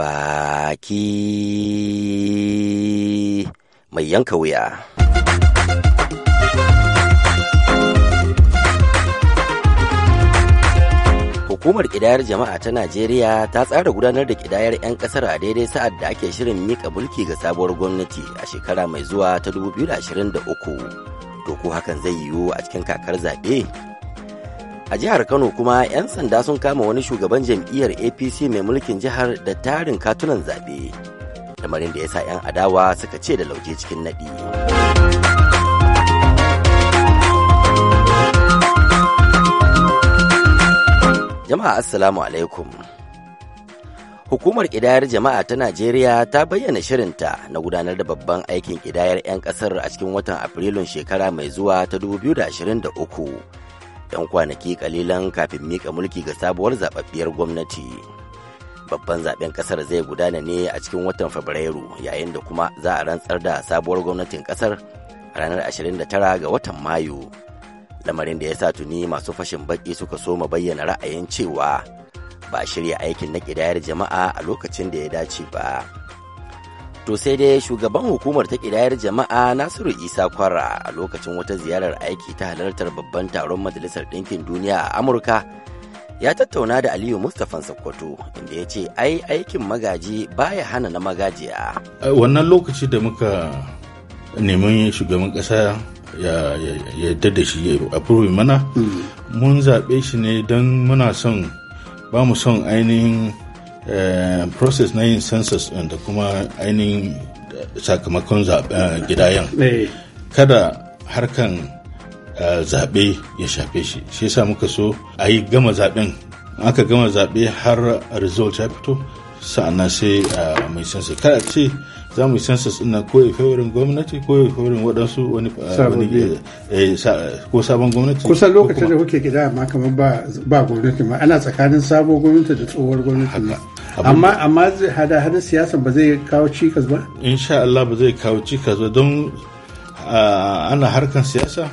baki mai yanka wuya. Hukumar ƙidayar jama'a ta Najeriya ta tsara gudanar da ƙidayar 'yan ƙasar a daidai sa'ad da ake shirin miƙa mulki ga sabuwar gwamnati a shekara mai zuwa ta 2023. To hakan zai yiwu a cikin kakar zaɓe? a jihar kano kuma 'yan sanda sun kama wani shugaban jam'iyyar apc mai mulkin jihar da tarin katunan zaɓe lamarin da ya sa 'yan adawa suka ce da lauje cikin naɗi jama'a assalamu alaikum hukumar ƙidayar jama'a ta najeriya ta bayyana shirinta na gudanar da babban aikin ƙidayar 'yan ƙasar a cikin watan afrilun shekara mai zuwa ta 2023 'yan kwanaki kalilan kafin mika mulki ga sabuwar zababbiyar gwamnati babban zaben kasar zai gudana ne a cikin watan fabrairu yayin da kuma za a rantsar da sabuwar gwamnatin kasar a ranar 29 ga watan mayu lamarin da ya sa tuni masu fashin baki suka soma bayyana ra'ayin cewa ba shirya aikin na kidayar jama'a a lokacin da ya dace ba. To sai dai shugaban hukumar ta kidayar jama'a Nasiru Isa Kwara a lokacin wata ziyarar aiki ta halartar babban taron Majalisar Ɗinkin Duniya a Amurka ya tattauna da Aliyu Mustapha Sokoto inda ya ce ai aikin magaji baya hana na magajiya. Wannan lokaci da muka neman shugaban ƙasa ya yadda da shi ya mana hmm. mun zaɓe shi ne don muna son ba mu son ainihin Eh, process na yin census da kuma ainihin eh, sakamakon eh, gidayen kada harkan zaɓe ya shafe shi shi yasa muka so a yi gama zaɓen aka gama zaɓe har result ya fito sa'annan sai mai census kada ce za mu yi census ina ko ya favorin gwamnati ko ya favorin waɗansu wani eh, eh, eh, ko sabon gwamnati kusan lokacin da kuke gida amma kamar ba gwamnati ma ana tsakanin sabon gwamnati da tsohuwar gwamnati amma amma hada hada siyasa ba zai kawo cikas ba insha Allah ba zai kawo cikas ba don ah, ana harkan siyasa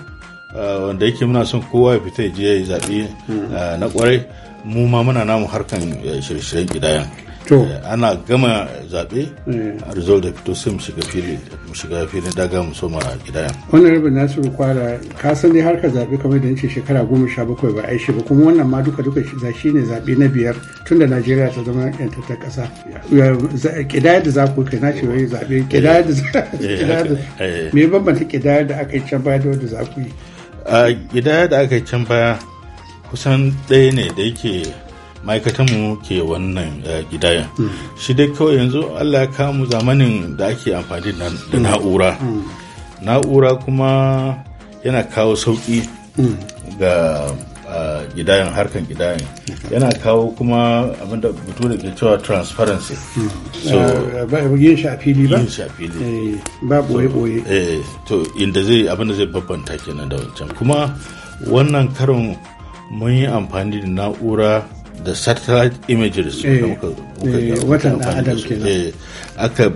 ah, wanda yake muna son kowa ya fita ya je ya yi zaɓe hmm. ah, na kwarai mu ma muna namu harkan shirye-shiryen gidayen Eh, ana gama zaɓe eh. a result da fito sai mu shiga fili mu shiga fili daga mu soma a gidaya wannan rabin nasiru kwara ka san dai harkar zaɓe kamar da nace shekara goma sha bakwai ba aishi ba kuma wannan ma duka duka za shi ne zaɓe na biyar tun da najeriya ta zama ta ƙasa ƙidayar da za ku kai na wai zaɓe eh. ƙidayar da za me bambanta ƙidayar da aka yi can baya da wanda za ku yi a ƙidayar da aka yi can baya kusan ɗaya ne da yake ma'aikatanmu ke wannan eh, gidayen hmm. shi dai kawai yanzu allah ya kamu zamanin da ake amfani da hmm. na'ura hmm. na'ura kuma yana kawo sauƙi ga gidayen harkan gidayen yana kawo kuma abinda da ke cewa transparency so yin eh, shafili ba yin shafili ba eh, boye-boye to inda zai abinda zai babbanta kenan da wancan kuma wannan karon mun yi amfani da na'ura da satellite images eh, eh, watan da adam kenan eh, aka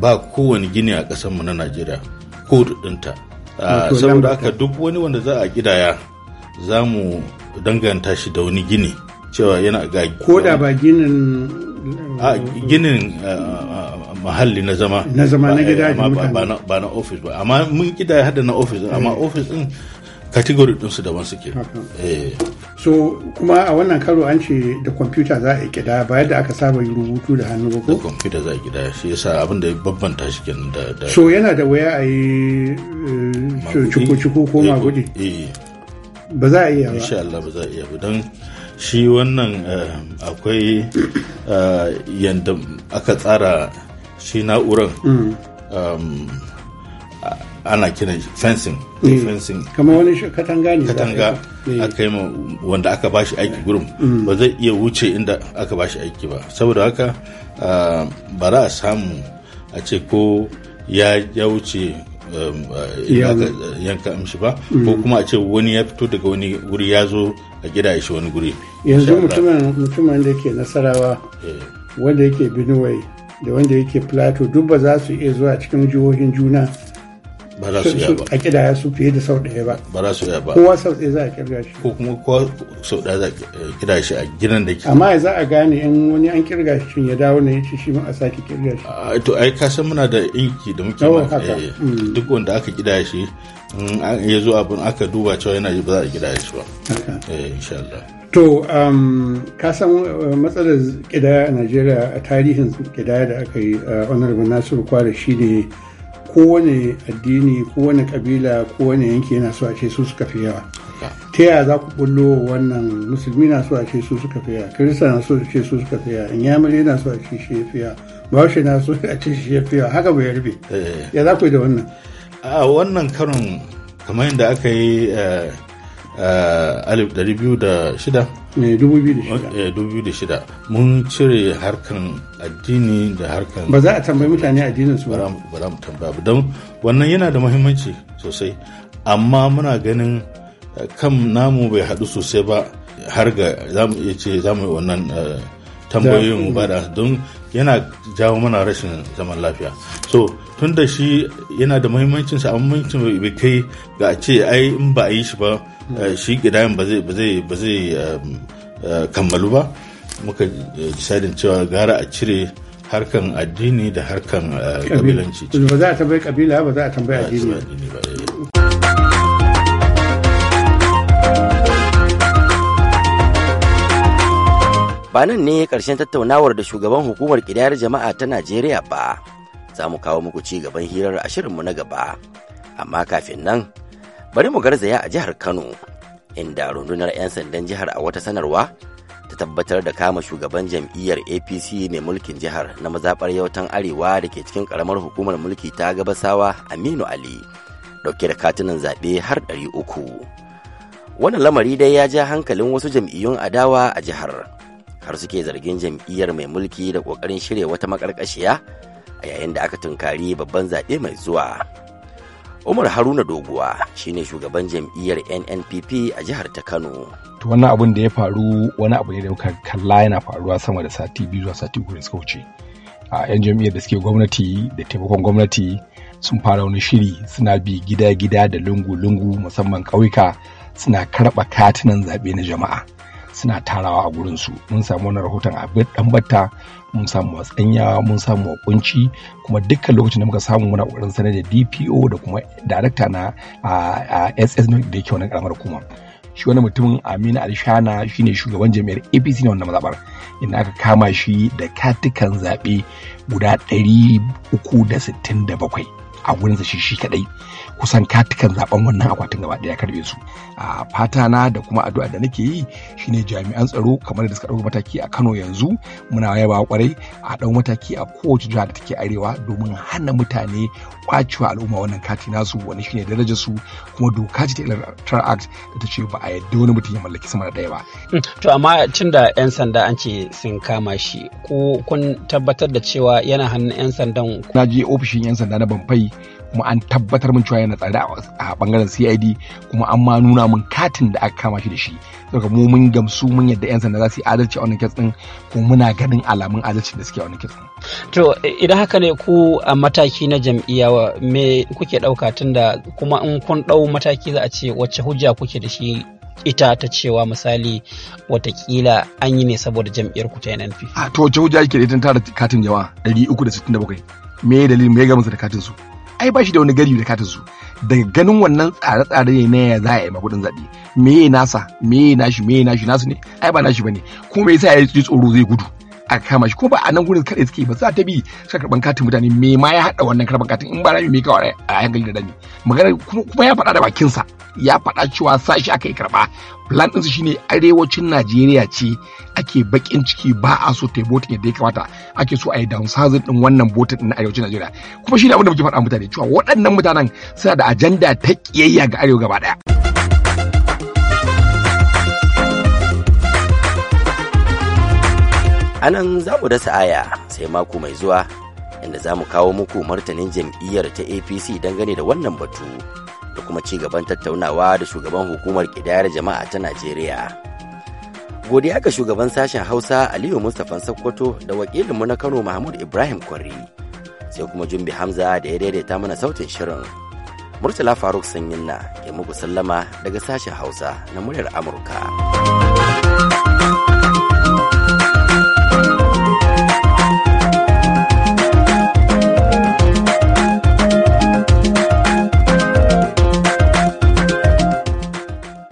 ba kowane gini a ƙasar mu na Najeriya code ɗinta ah, saboda aka duk wani wanda za a gidaya za mu danganta shi da wani gini cewa yana ga ko da ba ginin a ginin ah, ah, mahalli na zama na zama na gida ba na ofis ba amma mun gida hada na ofis amma ofis din category ɗinsu daban suke so kuma a wannan karo an ce da kwamfuta za a kida bayan da aka saba rubutu da hannu ko kwamfuta za a kida shi yasa abin da ya babbanta shi kenan da so yana da waya a yi eh, ciko-ciko ko eh, gudi eh. ba za a iya ba insha Allah ba za a iya ba don shi wannan akwai yanda aka tsara shi na'urar mm. um, ana kiran fencing eh, fencing kamar wani katanga ne katanga eh. aka yi ma wanda aka bashi aiki gurin mm. ba zai iya wuce inda aka bashi aiki ba saboda haka ah, ba za a samu a ce ko ya wuce um, eh, yanka amshi ba ko mm. kuma a ce wani ya fito daga wani guri ya zo a gida ya shi wani guri yanzu mutumin da ke nasarawa wanda yake benue da wanda yake plateau duk ba za su iya zuwa cikin jihohin juna ba za su iya ba a kidaya su fiye da sau ɗaya ba ba za su iya ba kowa sau ɗaya za a kirga shi ko kuma kowa sau ɗaya za a eh, kira shi a gidan da ke amma za a gane in wani an kirga shi ya dawo ne shi shi a sake kirga shi ah, to ai ka san muna da inki da muke oh, ma eh, hmm. duk wanda aka kidaya shi ya zo abin aka duba cewa yana ba za a kidaya shi ba eh insha Allah To, um, ka san eh, matsalar ƙidaya a Najeriya a tarihin ƙidaya da aka yi a uh, Honorable Nasiru Kwara shi ne kowane addini kowane kabila kowane yanki yana so a ce su suka fi yawa ta yaya za ku bullo wannan musulmi na so a ce su suka fi yawa kirista na so a ce su suka fi yawa inyamuri na so a ce shi fi yawa bahaushe na so a ce shi fi yawa haka bai rufe. Eh. ya za ku yi da wannan a wannan karon kamar yadda aka yi eh, eh, alif ɗari biyu da shida 2006 eh, eh, mun cire harkan addini da harkan ba za a tambayi mutane addinin su ba za mu tambaya don wannan yana da muhimmanci sosai amma muna ganin eh, kan namu bai haɗu sosai ba har ga za mu iya ce za mu yi wannan tambayoyin ba da don yana jawo mana rashin zaman lafiya so tun da shi yana da muhimmancinsa amma bai kai ga a ce ai in ba a yi shi ba Eh, shi yin ba zai um, eh, kammalu ba muka eh, decidin cewa gara a cire harkan addini da harkan kabilanci ba za a tambayi kabila ba za a tambayi addini ba nan ne karshen tattaunawar da shugaban hukumar kidayar jama'a ta najeriya ba za mu kawo muku ci gaban hirar a shirinmu na gaba amma kafin nan bari mu garzaya a jihar kano inda rundunar 'yan sandan jihar a wata sanarwa ta tabbatar da kama shugaban jam'iyyar apc mai mulkin jihar na mazaɓar yautan arewa da ke cikin ƙaramar hukumar mulki ta gabasawa aminu ali ɗauke da katunan zaɓe har ɗari uku. wannan lamari dai ya ja hankalin wasu jam'iyyun adawa a jihar har suke zargin jam'iyyar mai mulki da ƙoƙarin shirya wata maƙarƙashiya a yayin da aka tunkari babban zaɓe mai zuwa Umar Haruna Doguwa shine shugaban jam'iyyar NNPP a jihar ta Kano. To wannan abin da ya faru wani abu ne da muka kalla yana faruwa sama da sati biyu zuwa sati uku da suka wuce. A yan jam'iyyar da suke gwamnati da taimakon gwamnati sun fara wani shiri suna bi gida-gida da lungu-lungu musamman ƙauyuka suna karɓa katunan zaɓe na jama'a. suna tarawa a gurin su mun samu wani rahoton a dan batta mun samu watsanya mun samu kunci kuma dukkan lokacin da muka samu muna ƙoƙarin sanar da DPO da kuma darakta na SS da yake wannan karamar kuma shi wani mutumin Aminu Alshana shine shugaban jami'ar APC na wannan mazabar inda aka kama shi da katukan zaɓe guda 367 a gurin zashi shi kadai kusan katukan zaben wannan akwatin gaba daya karbe su a fata na da kuma addu'a da nake yi shine jami'an tsaro kamar da suka dauka mataki a Kano yanzu muna yaba kwarai a dau mataki a kowace jiha da take arewa domin hana mutane kwacewa al'umma wannan kati nasu wani shine darajar su kuma doka ce ta electoral act da ta ce ba a yadda wani mutum ya mallaki sama da daya ba hmm, to amma tun da yan sanda an ce sun kama shi ko kun tabbatar da cewa yana hannun yan sandan na je ofishin yan sanda na Bamfai kuma an tabbatar min cewa yana tsare a bangaren CID kuma an ma nuna min katin da aka kama shi da shi saboda mu mun gamsu mun yadda yan sanda za su yi adalci a wannan kes din kuma muna ganin alamun adalcin da suke a wannan kes din to idan haka ne ku a mataki na jam'iyya me kuke dauka tunda kuma in kun dau mataki za a ce wacce hujja kuke da shi ita ta cewa misali watakila an yi ne saboda jam'iyyar ku ta NNP. A to wacce hujja yake da ita tara katin jama'a 367 me dalilin me ya gamsu da katin su? ai ba shi da wani gari da ka su daga ganin wannan tsare-tsare ne na ya za a yi makudin zaɓe me nasa me nashi me nashi nasu ne ai ba nashi ne, kuma me yasa ya yi tsoro zai gudu A kama shi ko ba a nan gurin kada suke ba za ta bi suka karban katin mutane me ma ya hada wannan karban katin in ba rami mai kawai a hankali da rami magana kuma ya faɗa da bakinsa ya faɗa cewa sa shi aka yi karɓa plan ɗinsu shine arewacin Najeriya ce ake bakin ciki ba a so ta yi botin yadda ya kamata ake so a yi downsizing ɗin wannan botin na arewacin Najeriya kuma shi ne abin da muke faɗa mutane cewa waɗannan mutanen suna da ajanda ta ƙiyayya ga arewa gaba ɗaya. anan za mu dasa aya sai mako mai zuwa inda za mu kawo muku martanin jam'iyyar ta apc dangane da wannan batu da kuma ci gaban tattaunawa da shugaban hukumar kidayar jama'a ta najeriya godiya ga shugaban sashen hausa aliyu mustapha sakkwato da wakilinmu na kano mahmud ibrahim kwari sai kuma jumbi hamza da ya daidaita mana sautin shirin murtala faruk sanyin na ke muku sallama daga sashen hausa na muryar amurka.